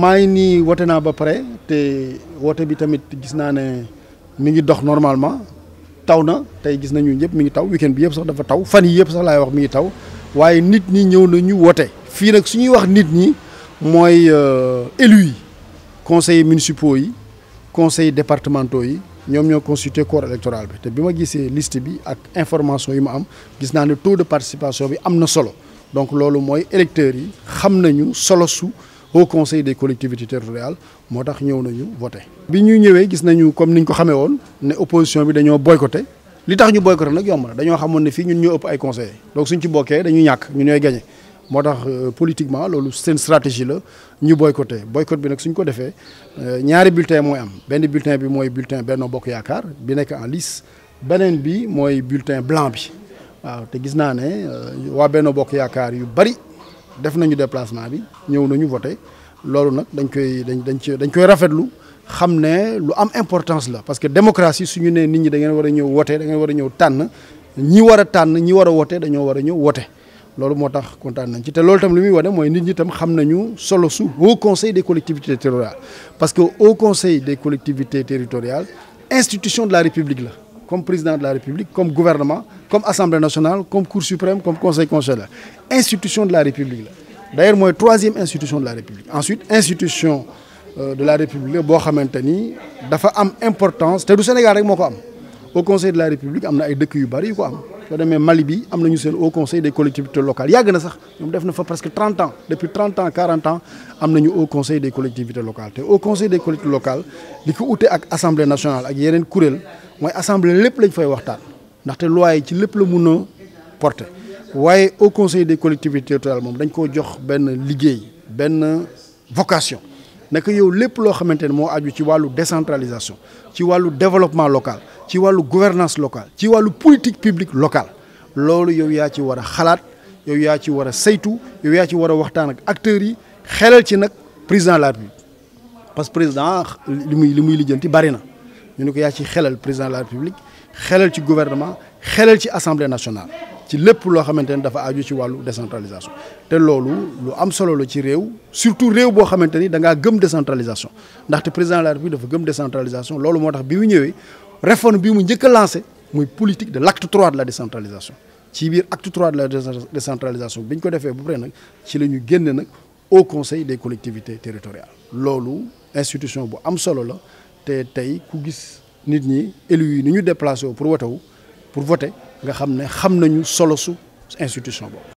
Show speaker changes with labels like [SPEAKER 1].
[SPEAKER 1] maa ngi na ba pare te woote bi tamit gis na ne mi ngi dox normalement taw na tey gis nañu ñëpp mi ngi taw weekend bi yëpp sax dafa taw fan yi yëpp sax laay wax mi ngi taw waye nit ñi ñëw nañu woote fii nag su ñuy wax nit ñi moy euh, élu yi municipaux yi conseillers départementaux yi ñom ñoo consulter corps électoral bi te bima ma liste bi ak information yi ma am gis na ne taux de participation bi amna solo donc lolu moy électeurs yi xam nañu solo su au conseil des collectivités territoriales motax tax nañu voter bi ñu ñëwee gis nañu comme niñ ko xamé won né opposition bi dañoo boycotté li tax ñu boycotter nak yom la dañoo xamone ne fii ñun ñoo ëpp ay conseil donc suñ ci bokké dañu ñak ñu ñoy gagné. motax euh, politiquement lolu c'est une stratégie la ñu boycotté boycott bi nak suñ ko défé euh, ñaari bulletin moy am benn bulletin bi moy bulletin Benno Bokk yaakar bi nek en lice benen bi moy bulletin blanc bi waaw te gis naa ne euh, waa Benno Bokk Yaakaar yu bari def nañu déplacement bi nous nañu voté loolu nak dañ koy dañ importance la parce que démocratie suñu nous nit ñi da ngeen war a ñëw da ngeen war a ñëw ñi war a ñi war a conseil des collectivités territoriales parce que au conseil des collectivités territoriales institution de la république comme président de la République, comme gouvernement, comme Assemblée nationale, comme Cour suprême, comme Conseil constitutionnel. Institution de la République. D'ailleurs, moi, troisième institution de la République. Ensuite, institution euh, de la République, boo il dafa importance c'est le Sénégal au Conseil de la République on a ay dëkk yu Malibi demee Mali bi am conseil des collectivités locales y na sax presque 30 ans depuis 30 ans 40 ans nous nañu au conseil des collectivités locales Au conseil des collectivités locales liko outé ak assemblée nationale ak yenen kuréel moy assemblée lepp lañ fay waxtaan té loi yi ci lepp la porter waye conseil des collectivités locales nous dañ une jox vocation naka yow lépp loo xamante décentralisation le développement local ci gouvernance locale ci politique publique locale loolu yow ce ci war penser, xalaat yow yaa ci le a ce yow yaa ci war ak acteurs président de la République parce que le président il muy li muy ñu ko président de la République xelal ci gouvernement xelal ci assemblée nationale ci lépp loo xamante dafa aju ci décentralisation C'est ce lu am solo la ci réew surtout réew boo xamante ni da de gëm décentralisation Le président de la République a gëm décentralisation C'est moo tax bi mu La réforme bi mu été lancée lancé la politique de l'acte 3 de la décentralisation ci 3 acte 3 de la décentralisation bi ñu ko fait ba la au conseil des collectivités territoriales loolu institution bu am solo la te tey ku gis nit ñi élus yi ni ñu déplacé pour voter nga xam ne xam nañu solo su institution boobu.